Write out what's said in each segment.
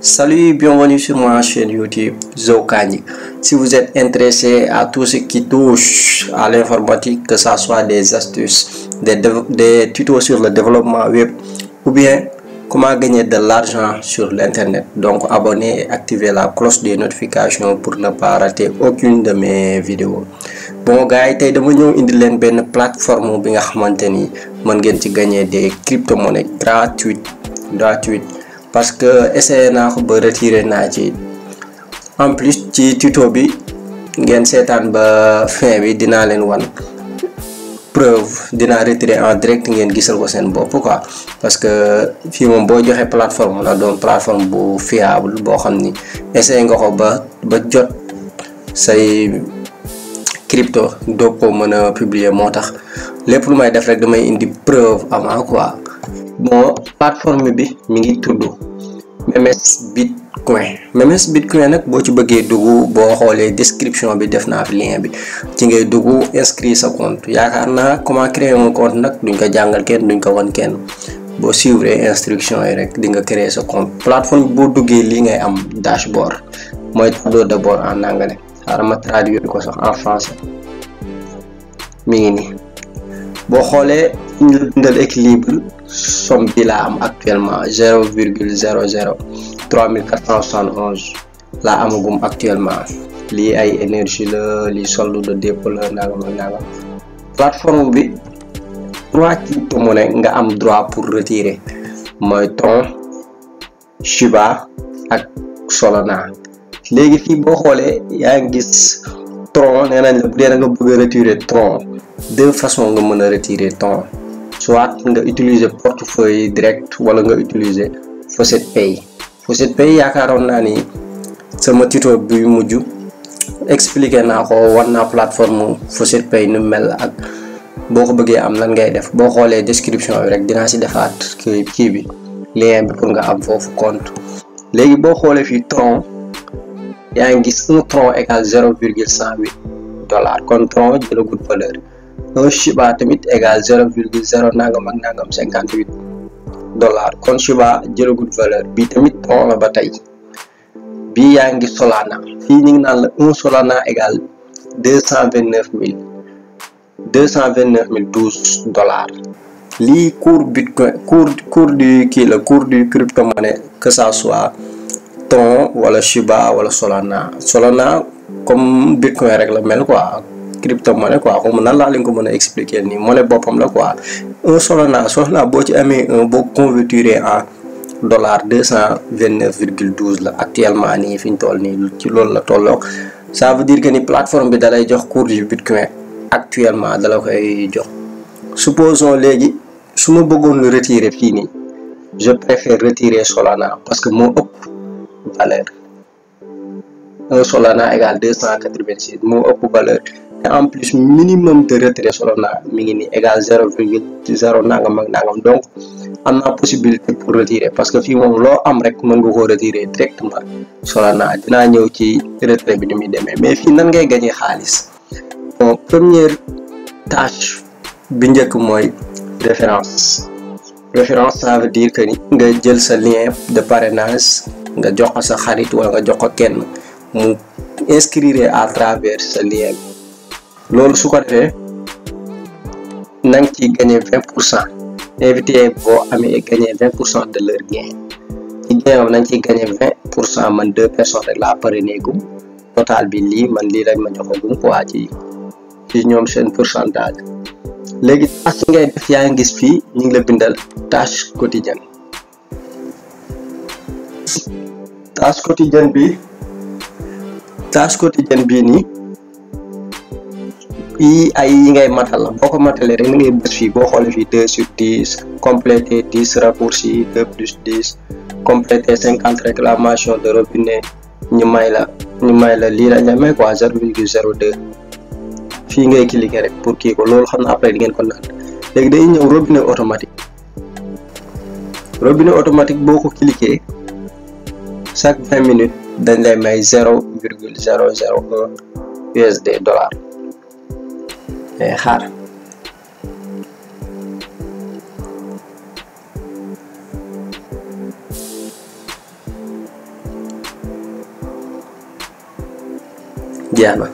Salut, bienvenue sur ma chaîne YouTube Zoukani. Si vous êtes intéressé à tout ce qui touche à l'informatique, que ce soit des astuces, des, des tutos sur le développement web ou bien comment gagner de l'argent sur l'internet. Donc abonnez activer la cloche des notifications pour ne pas rater aucune de mes vidéos. bon gars yi tey dama ñëw indi leen benn plateforme bi nga xamante ni mën ngeen ci gagner des cryptomonnaies gratuites gratuites parce que essayé naa ko ba retiré naa ci en plus ci tuto bi ngeen seetaan ba fin bi dinaa leen wan preuve dinaa retirer en direct ngeen gisal ko seen bopp quoi parce que fii moom boo joxee plateforme la doon plateforme bu fiable boo xam ni essayé nga ko ba ba jot say crypto doo ko mën a publier moo tax lépp lu may def rek damay indi preuve avant quoi bon bi mu ngi tudd MMS Bit bitcoin memes bitcoin nag boo ci bëggee dugg boo xoolee description bi def naa fi lien bi ci ngay duggu inscrit sa compte yaakaar naa comment créer mon compte nag duñ ko jàngal kenn duñ ko wan kenn boo suivre instruction yi rek di nga créer sa compte plateforme boo duggee lii ngay am dashboard mooy tableau de bord en anglais xaaral ma ko sax en français mi ngi nii boo xoolee ñu bindal équilibre somme bi laa am actuellement zéro virgule zéro zéro 3471 laa amagum actuellement lii ay énergie la lii solde de dépôt la nangam ak nangam plateforme bi trois cryptomonnaies nga am droit pour retirer mooy Tron Shiba ak Solana léegi fii boo xoolee yaa ngi gis Tron nee nañ la bu dee da nga retirer Tron deux façons nga mën a retirer Tron soit nga utiliser portefeuille direct wala nga utiliser Faucet Pay Pochette Pay yaakaaroon naa ni sama tito bi mujju expliqué naa ko war naa plateforme Pochette Pay nu mel ak boo ko bëggee am lan ngay def boo xoolee description bi rek dinaa si defaat kii kii bi lien pour nga am foofu compte léegi boo xoolee fii tron yaa ngi gis un tron égal zéro virgule cent huit dollar kon tron jëlagul valeur un chiba tamit égal zéro virgule zéro nangam ak nangam cinquante huit dollar kon Shiba jëlagul valeur bi tamit pont la ba tey bii yaa ngi Solana fii ñu ngi naan la un Solana égal deux cent vingt deux cent vingt neuf mille douze dollars lii cours bitcoin cours cours du kii la cours du crypto monnaie que ça soit Thon wala Shiba wala Solana Solana comme bitcoin rek la mel quoi. crypto monnaie quoi xaw ma nan laa leen ko mën a expliquer nii monnaie boppam la quoi un Solana Solana boo ci amee un boo convertir en dollar la actuellement nii fi ñu toll nii ci loolu la tolloog ça veut dire ni plateforme bi dalay jox cours du bitcoin actuellement dala koy jox supposons léegi su ma bëggoon lu retirer fii nii je préfère retirer Solana parce que moo ëpp valeur un Solana égale moo ëpp valeur et en plus minimum de retrait solo naa mi ngi ni égal zéro virgule zéro nangam mag nangam donc am na possibilité pour retirer parce que fii moom loo am rek mën nga koo retirer directement solo Solana dinaa ñëw ci retrait bi ni muy demee mais fii nan ngay gañee xaalis bon première tâche bi njëkk mooy référence référence ça veut dire que ni nga jël sa lien de parrainage nga jox ko sa xarit wala nga jox ko kenn mu inscrire à travers sa lien loolu su ko defee na nga ciy gagné vingt pour cent invité boo amee gagné vingt pour cent de leur gain ci gain am na nga ciy gagné vingt pour cent man deux personnes rek laa pare néegum total bi lii man lii rek ma joxagum quoi ji ci ñoom seen pourcentage léegi tâche yi ngay def yaa ngi gis fii ñu ngi la bindal tâche quotidienne tâche quotidienne bi tâche quotidienne bii nii. fii ay yi ngay matal la boo ko matalee rek ni ngay bës fii boo xoole fii deux sur dix complété dix raccourci deux plus dix complété cinquante réclamation de robinet ñu may la ñu may la lii la ñu may quoi zero virgule zero deux fii ngay cliquer rek pour kii ko loolu xam na après di ngeen ko naan léegi day ñëw robinet automatique robinet automatique boo ko cliquer chaque vingt minutes dañ lay may zero virgule zero zero un USD dollar. de eh, dejar. na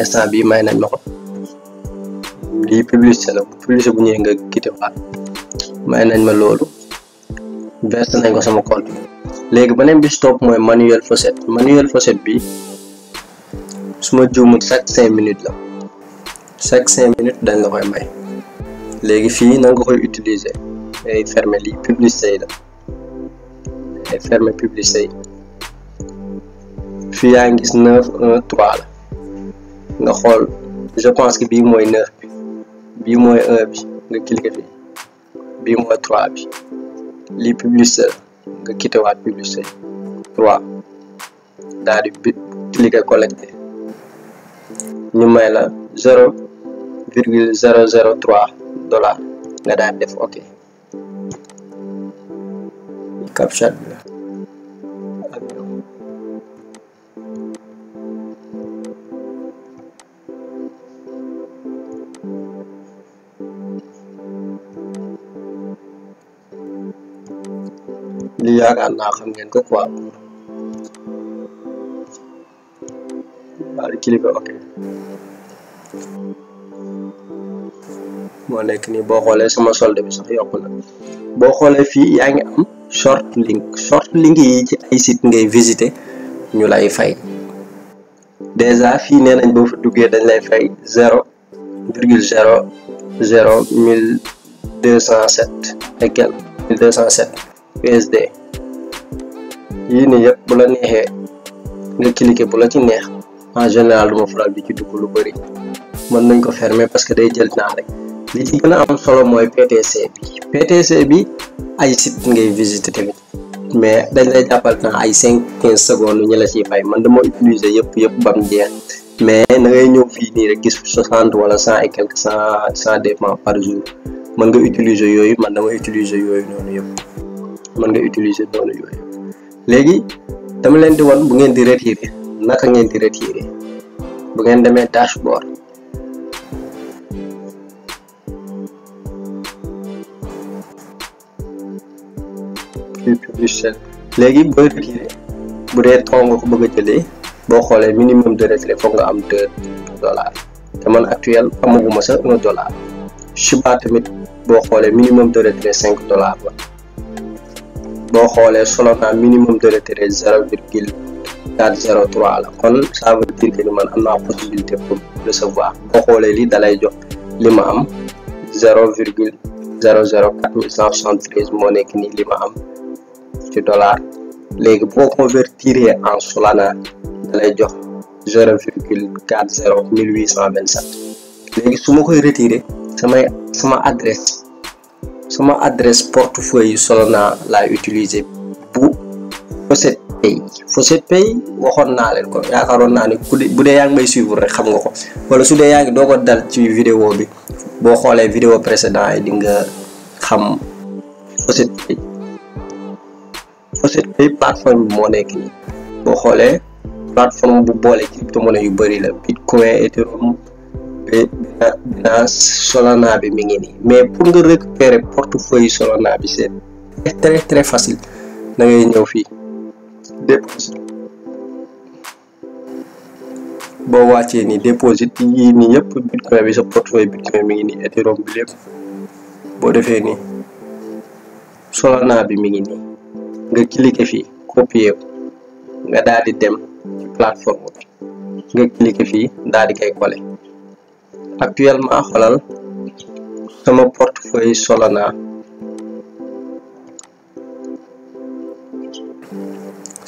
instant bii may nañ ma ko lii publicité la publicité bu ñëwee nga quitté waat may nañ ma loolu versé nañ ko sama compte léegi beneen bi si mooy manuel faucet manuel faucet bi su ma juumut chaque cinq minutes la chaque cinq minutes dañ la may léegi fii na nga koy utiliser ay fermé lii publicité yi la ay fermé publicité yi fii yaa ngi gis neuf un trois la nga xool je pense que bii mooy neuf bi bii mooy un bi nga cliquer fii bii mooy trois bi lii publicité la nga quitté waat publicité trois daal di cliquer collecté ñu may la zéro virgule zero zero trois dollar nga daan def ok captcha bi la li yaakaar naa ngeen ko quoi waaw ok moo nekk ni boo xoolee suma solde bi sax yokku na boo xoolee fii yaa ngi am short link short link yi ci ay site ngay visiter ñu lay fay déjà fii nee nañ boo fa duggee dañ lay fay zéro virgule zéro zéro mille deux cent sept et cent sept USD yii nii yëpp bu la neexee nga cliquer bu ci neex en général duma faral di ci dugg lu bëri mën nañ ko fermer parce que day jël temps rek li ci gën a am solo mooy PTC bi PTC bi ay site ngay visiter tamit mais dañ lay jàppal temps ay cinq quinze secondes ñu la ciy fay man dama utiliser yëpp yëpp bam jeex mais na ngay ñëw fii nii rek gis soixante wala cent et quelque cent cent dépend par jour mën nga utiliser yooyu man dama utiliser yooyu noonu yëpp mën nga utiliser noonu yooyu léegi dama leen di won bu ngeen di retirer naka ngeen di retirer bu ngeen demee dashboard logiciel léegi booy retiré bu dee ton nga ko bëgg a jëlee boo xoolee minimum de retrait foog nga am deux dollars te man actuel amaguma sa un dollar Shiba tamit boo xoolee minimum de retrait cinq dollars boo xoolee Solana minimum de retrait zéro virgule quatre zéro trois la kon ça veut dire que ni man am naa possibilité pour recevoir boo xoolee li dalay jox li ma am zéro virgule zéro moo nekk nii li ma am ci dollar léegi boo convertir en Solana da lay jox zero virgule cent vingt sept léegi su ma koy retirer samay sama adresse sama adresse portefeuille Solana laay utiliser bu Fawcett Pay Fawcett Pay waxoon naa leen ko yaakaaroon naa ne ku bu dee yaa ngi may suivre rek xam nga ko wala su dee yaa doo ko dal ci vidéo bi boo xoolee vidéo précédent yi di nga xam Fawcett Facile Pay plateforme bi moo nekk boo xoolee plateforme bu boole crypto monnaie yu bëri la bitcoin ethereum Binance Solana bi mi ngi nii mais pour nga récupérer portefeuille Solana bi c'est très très facile da ñëw fii déposit boo wàccee nii déposit yii nii yëpp bitcoin bi sa portefeuille bitcoin mi ngi nii ethereum bi lépp boo defee nii Solana bi mi ngi nii nga cliquer fi copier ko nga daal dem ci plateforme nga cliquer fii daal di koy coller actuellement xoolal sama solo Solana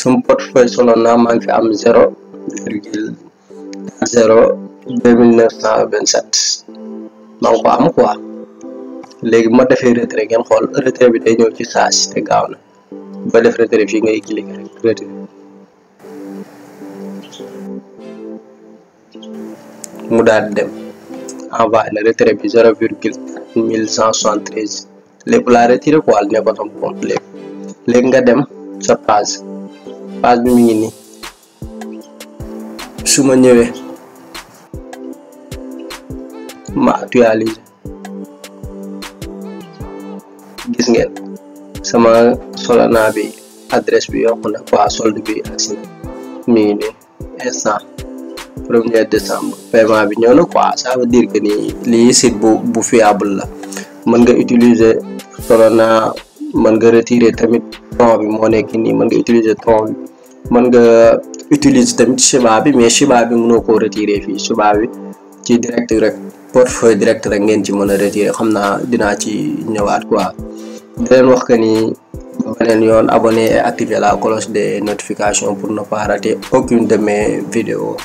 sama portefeuille solo maa ngi fi am zéro virgule zéro deux vingt sept maa ko am quoi léegi ma defee retrait ngeen xool retrait bi day ñëw ci saasi te gaaw na ba def retrait fii ngay cliquer rek mu daal di dem envoyé la retrait bi zéro virgule quatre mille cent soixante treize lépp laa retiré quoi ne ko sama compte lépp léegi nga dem sa page page bi mu ngi nii su ma ñëwee ma actualiser gis ngeen sama Solana bi bi yokku na waa bi agsi na mi ngi nii instant premier décembre paiement bi ñëw na quoi ça veut dire ni lii site bu bu abul la mën nga utiliser Solana mën nga retirer tamit tron bi moo nekk nii mën nga utiliser tron bi mën nga utiliser tamit Shiba bi mais Shiba bi mënoo koo retirer fii Shiba bi ci direct rek portefeuille direct rek ngeen ci mën a retirer xam naa dinaa ci ñëwaat quoi di leen wax que ni ba abonné et activer la cloche des notification pour ne pas aucune de mes vidéos